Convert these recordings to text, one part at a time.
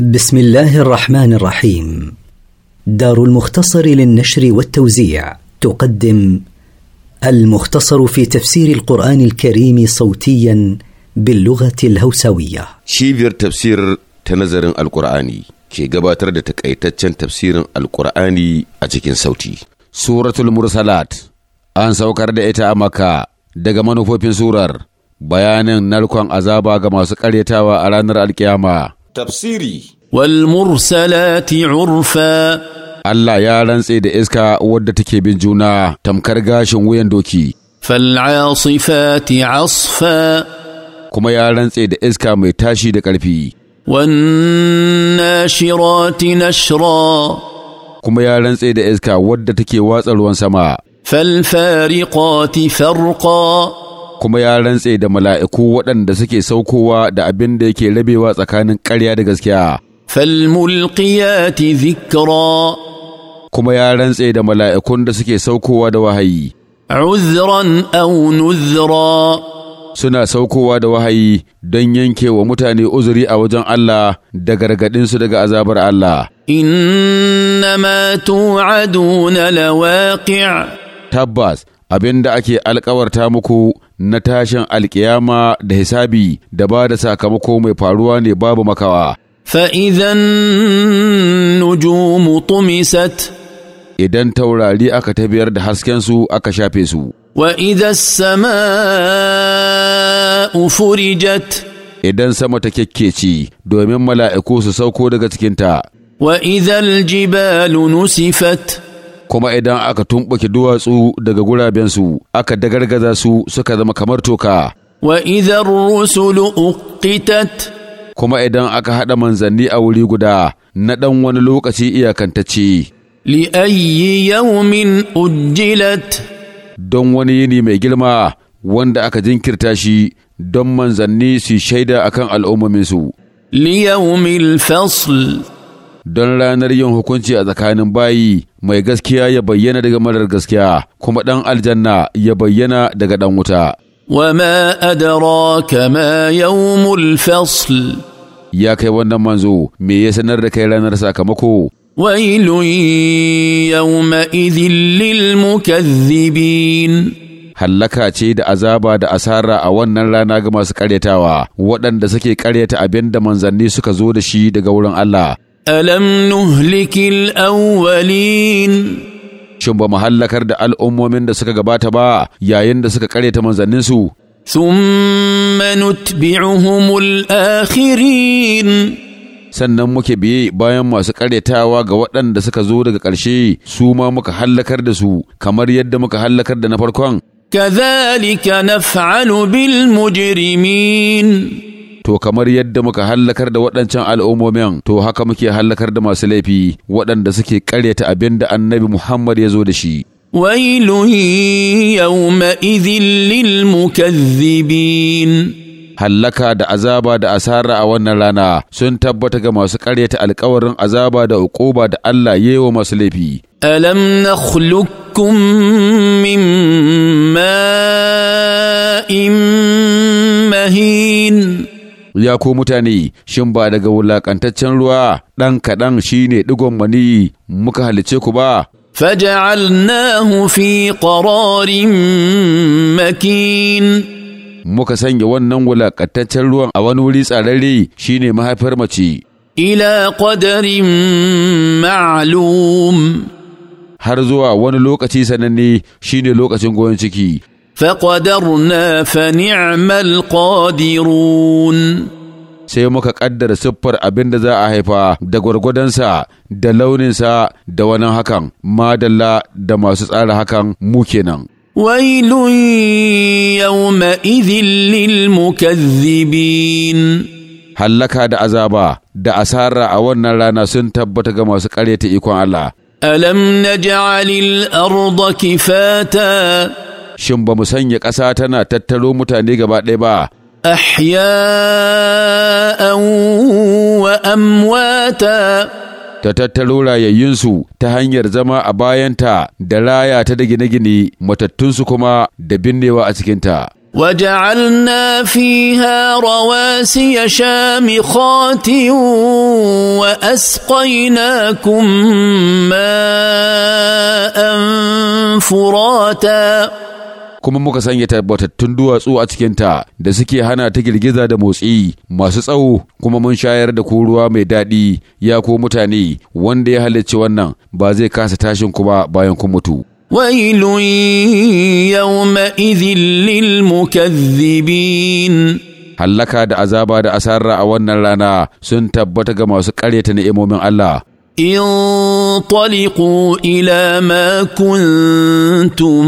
بسم الله الرحمن الرحيم دار المختصر للنشر والتوزيع تقدم المختصر في تفسير القرآن الكريم صوتيا باللغة الهوسوية شيفير تفسير تنظر القرآني كي قباتر تكأيتتشن تفسير القرآني أتكين صوتي سورة المرسلات أن سوكر دائتا أمكا دقمانو فوبين سورر bayanin نالكوان أزابا ga masu karyatawa a ranar tafsiri wal mursalati urfa Allah ya rantse da iska wadda take bin juna tamkar gashin wuyan doki fal asifati asfa kuma ya rantse da iska mai tashi da ƙarfi wan nashirati nashra kuma ya rantse da iska wadda take watsa ruwan sama fal fariqati farqa kuma ya rantse da mala'iku waɗanda suke saukowa da abin da yake rabewa tsakanin ƙarya da gaskiya. Falmulƙiyati zikra kuma ya rantse da mala'ikun da suke saukowa da wahayi. Uzran aw nuzra suna saukowa da wahayi don yanke wa mutane uzuri a wajen Allah da gargaɗinsu daga azabar Allah. Innama tu'aduna lawaƙi' tabbas abin da ake alkawarta muku na tashin alkiyama da hisabi da ba da sakamako mai faruwa ne babu makawa. Fa'izan nujumu tumisat Idan taurari aka tabiyar da haskensu aka shafe su. Wa idan sama ufurijat. Idan sama ta kyakkeci domin mala'iku su sauko daga cikinta. Wa idan jibalu nusifat kuma idan aka tumɓuke duwatsu daga gurabensu aka dagargaza su suka zama kamar toka wa idan rusulu uqitat kuma idan aka haɗa manzanni a wuri guda na ɗan wani lokaci iyakantacce li ayyi yawmin ujjilat don wani yini mai girma wanda aka jinkirta shi don manzanni su shaida akan al'ummominsu li yawmil fasl don ranar yin hukunci a tsakanin bayi mai gaskiya ya bayyana daga marar gaskiya kuma ɗan aljanna ya bayyana daga ɗan wuta وما أدراك ya يوم الفصل Ya kai wannan manzo me ya sanar da kai ranar sakamako ويل يومئذ للمكذبين hallaka ce da azaba da asara a wannan rana ga masu karyatawa waɗanda suke karyata abin da manzanni suka zo da shi daga wurin Allah ألم نهلك الأولين shin ba mu hallakar da al'ummomin da suka gabata ba yayin da suka karyata manzanninsu ثم نتبعهم الآخرين sannan muke biye bayan masu karyatawa ga waɗanda suka zo daga ƙarshe su ma muka hallakar da su kamar yadda muka hallakar da na farkon كذلك نفعل بالمجرمين to kamar yadda muka hallakar da waɗancan al'ummomin to haka muke hallakar da masu laifi waɗanda suke ƙaryata abin da annabi Muhammad ya zo da shi. ويل يومئذ hallaka da azaba da asara a wannan rana sun tabbata ga masu ƙaryata alkawarin azaba da uquba da Allah yi wa masu laifi. Alam na min ma'in mahin ya ko mutane shin ba daga wulakantaccen ruwa ɗan kaɗan shi ne ɗigon mani muka halice ku ba فجعلناه fi قرار makin. muka sanya wannan wulaƙataccen ruwan a wani wuri tsararre shine mahaifar mace ila ƙwadarin ma'lum har zuwa wani lokaci sananne shine lokacin goyon ciki فقدرنا فنعم القادرون sai muka ƙaddara siffar abin da za a haifa da gwargwadonsa da launinsa da wani hakan madalla da masu tsara hakan mu kenan. wailun yawma'idhin lilmukazzibin hallaka da azaba da asara a wannan rana sun tabbata ga masu ƙaryata ikon Allah alam naj'alil arda kifata shin ba mu sanya ƙasa tana tattaro mutane gaba ɗaya ba ahya'an wa amwata ta tattaro rayayyunsu ta hanyar zama a bayanta da raya ta da gine-gine matattunsu kuma da binnewa a cikinta وجعلنا فيها رواسي شامخات واسقيناكم ماء فراتا kuma muka sanya tabbatattun duwatsu a cikinta da suke hana ta girgiza da motsi masu tsawo kuma mun shayar da ku ruwa mai daɗi ya ko mutane wanda ya halicci wannan ba zai kasa tashin ku ba bayan kun mutu. ويل يومئذ للمكذبين hallaka da azaba da asarra a wannan rana sun tabbata ga masu ƙaryata ni'imomin Allah انطلقوا الى ما كنتم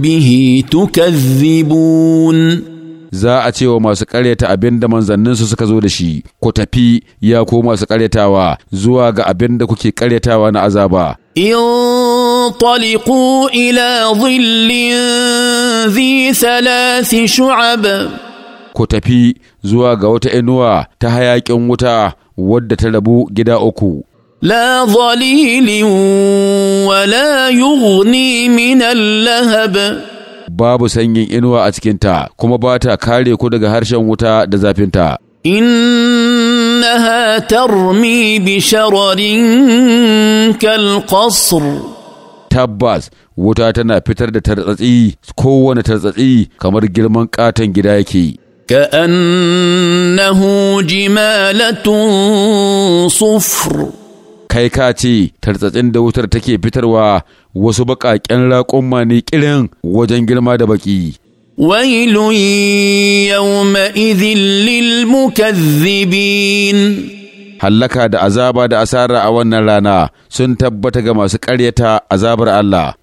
به تكذبون za a ce wa masu karyata abin da manzanninsu suka zo da shi ku tafi ya ko masu karyatawa zuwa ga abin da kuke karyatawa na azaba انطلقوا الى ظل ذي ثلاث شعب ku tafi zuwa ga wata inuwa ta hayaƙin wuta wadda ta rabu gida uku لا ظليل ولا يغني من اللهب babu sanyin inuwa a cikinta kuma ba ta kare ku daga harshen wuta da zafinta. إنها ترمي بشرر كالقصر tabbas wuta tana fitar da tartsatsi kowane tartsatsi kamar girman katon gida yake كأنه جمالة صفر kai ka ce tartsatsin da wutar take fitarwa wasu baƙaƙen raƙon ne ƙirin wajen girma da baƙi. Wailun yawma idhin lil mukazzibin. Hallaka da azaba da asara a wannan rana sun tabbata ga masu ƙaryata azabar Allah.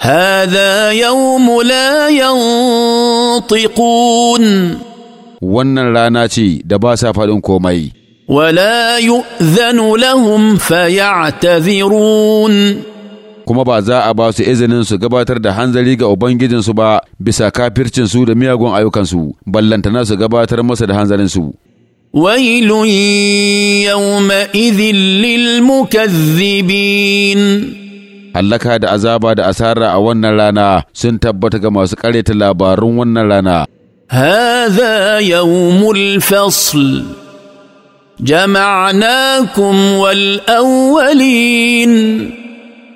هذا يوم la yantiqun wannan rana ce da ba sa faɗin komai ولا يؤذن لهم فيعتذرون kuma ba za a ba su izinin su gabatar da hanzari ga su ba bisa kafircinsu da miyagun ayyukansu, ballantana su gabatar masa da hanzarinsu. Wailun yawma idhin lil mukazzibin Hallaka da azaba da asara a wannan rana sun tabbata ga masu karyata labarun wannan rana. Hada yawmul fasl jama'nakum wal awwalin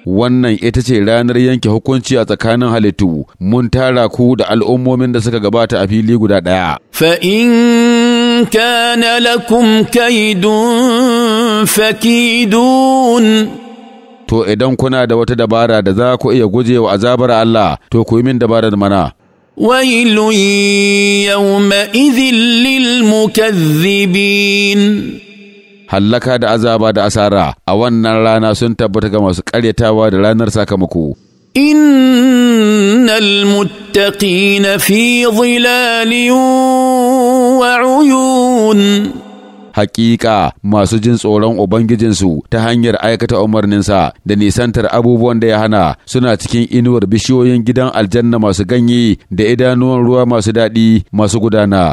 wannan ita ce ranar yanke hukunci a tsakanin halittu mun tara ku da al'ummomin da suka gabata a fili guda ɗaya. fa'in kana lakum kaidun fakidun to idan kuna da wata dabara da za ku iya gujewa azabar Allah to ku yi min dabarar mana ويل يومئذ للمكذبين hallaka da azaba da asara a wannan rana sun tabbata ga masu ƙaryatawa da ranar sakamako. Innal muttaqina fi zilalin wa uyun hakika masu jin tsoron ubangijinsu ta hanyar aikata umarninsa da nisantar abubuwan da ya hana suna cikin inuwar bishiyoyin gidan aljanna masu ganye da idanuwan ruwa masu daɗi masu gudana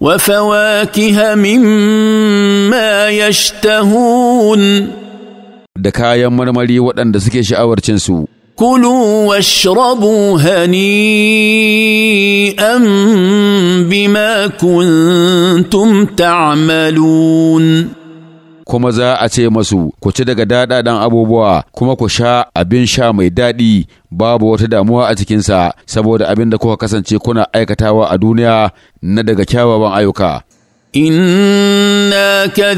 وفواكه مما da kayan marmari waɗanda suke sha'awar cinsu. كلوا واشربوا هنيئا بما كنتم تعملون kuma za a ce masu ku ci daga daɗaɗan abubuwa kuma ku sha abin sha mai daɗi babu wata damuwa a cikinsa saboda abin da kuka kasance kuna aikatawa a duniya na daga kyawawan ayyuka inna na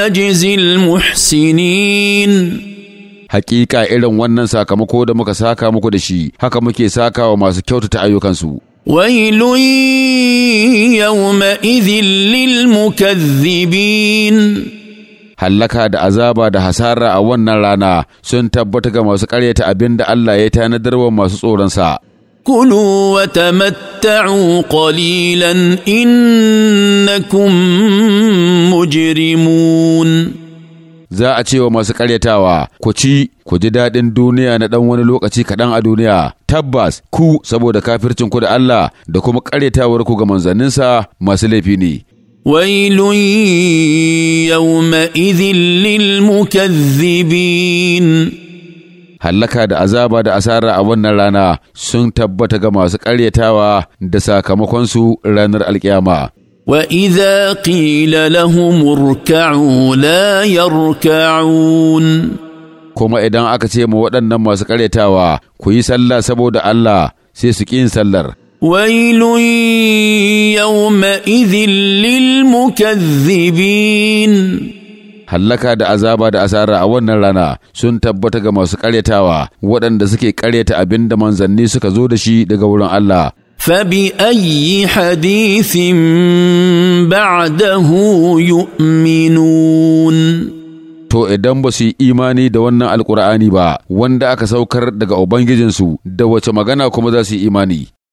najzil muhsinin hakika irin wannan sakamako da muka saka muku da shi haka muke saka wa masu kyautata ayyukansu ويل يومئذ للمكذبين hallaka da azaba da hasara a wannan rana sun tabbata ga masu ƙaryata abin da Allah ya tanadar wa masu tsoronsa. Kulu wa tamatta'u qalilan innakum mujrimun. za a ce wa masu karyatawa ku ci ku ji daɗin duniya na ɗan wani lokaci kaɗan a duniya tabbas ku saboda kafircin ku da Allah da kuma karyatawar ku ga manzanninsa masu laifi ne ويل يومئذ للمكذبين hallaka da azaba da asara a wannan rana sun tabbata ga masu ƙaryatawa da sakamakonsu ranar alkiyama. واذا قيل لهم اركعوا لا يركعون kuma idan aka ce ma waɗannan masu ƙaryatawa ku yi sallah saboda Allah sai su ƙin sallar. Wailun yawma idhin lil mukazzibin Hallaka da azaba da asara a wannan rana sun tabbata ga masu ƙaryatawa waɗanda suke ƙaryata abin da manzanni suka zo da shi daga wurin Allah. فباي حديث بعده يؤمنون to idan ba su yi imani da wannan alkur'ani ba wanda aka saukar daga ubangijinsu da wace magana kuma za su yi imani